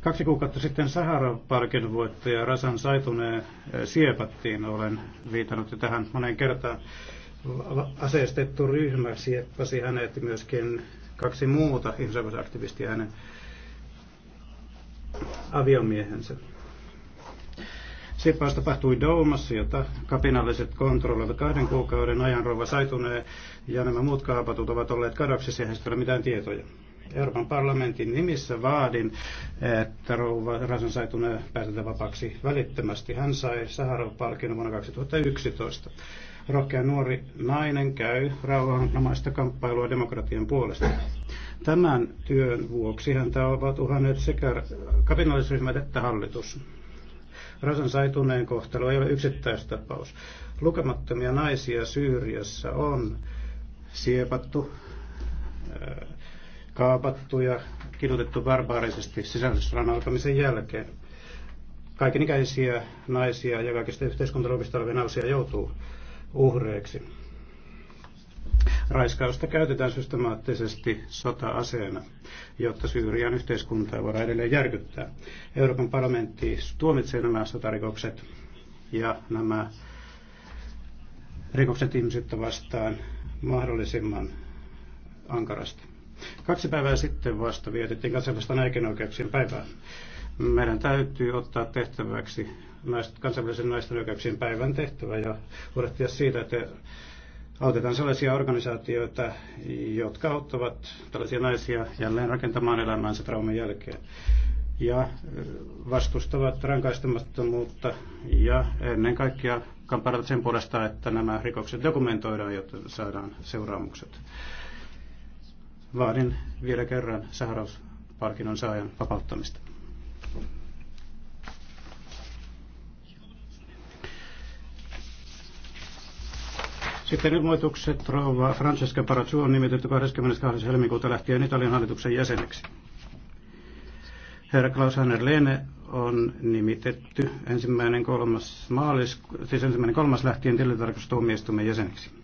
Kaksi kuukautta sitten Sahara-parkin voittaja Rasan Saituneen eh, siepattiin. Olen viitannut jo tähän moneen kertaan. Aseistettu ryhmä sieppasi hänet myöskin kaksi muuta ihmisoikeusaktivistia hänen aviomiehensä. Sieppaus tapahtui Doumassa, jota kapinalliset kontrolloivat kahden kuukauden ajan rouva Saituneen ja nämä muut kaapatut ovat olleet kadoksissa ja heistä ei ole mitään tietoja. Euroopan parlamentin nimissä vaadin, että rouva Rasan sai päätetä vapaaksi välittömästi. Hän sai Saharov-palkinnon vuonna 2011. Rohkea nuori nainen käy rauhanomaista kamppailua demokratian puolesta. Tämän työn vuoksi häntä ovat uhanneet sekä kapinallisryhmät että hallitus. Rasan Saituneen kohtalo ei ole yksittäistapaus. Lukemattomia naisia Syyriassa on siepattu kaapattu ja kidutettu barbaarisesti sisällissodan alkamisen jälkeen. Kaikenikäisiä naisia ja kaikista yhteiskuntaluokista olevia naisia joutuu uhreiksi. Raiskausta käytetään systemaattisesti sota-aseena, jotta Syyrian yhteiskuntaa voidaan edelleen järkyttää. Euroopan parlamentti tuomitsee nämä sotarikokset ja nämä rikokset ihmisyyttä vastaan mahdollisimman ankarasti. Kaksi päivää sitten vasta vietettiin kansainvälistä naikenoikeuksien päivää. Meidän täytyy ottaa tehtäväksi kansainvälisen naisten oikeuksien päivän tehtävä ja huolehtia siitä, että autetaan sellaisia organisaatioita, jotka auttavat tällaisia naisia jälleen rakentamaan elämäänsä trauman jälkeen ja vastustavat rankaistamattomuutta ja ennen kaikkea kamppailevat sen puolesta, että nämä rikokset dokumentoidaan, jotta saadaan seuraamukset vaadin vielä kerran Saharauspalkinnon saajan vapauttamista. Sitten ilmoitukset rouva Francesca Paraccio on nimitetty 22. helmikuuta lähtien Italian hallituksen jäseneksi. Herra Klaus Hanner Lehne on nimitetty ensimmäinen kolmas maalis, siis ensimmäinen kolmas lähtien tilintarkastustuomioistuimen jäseneksi.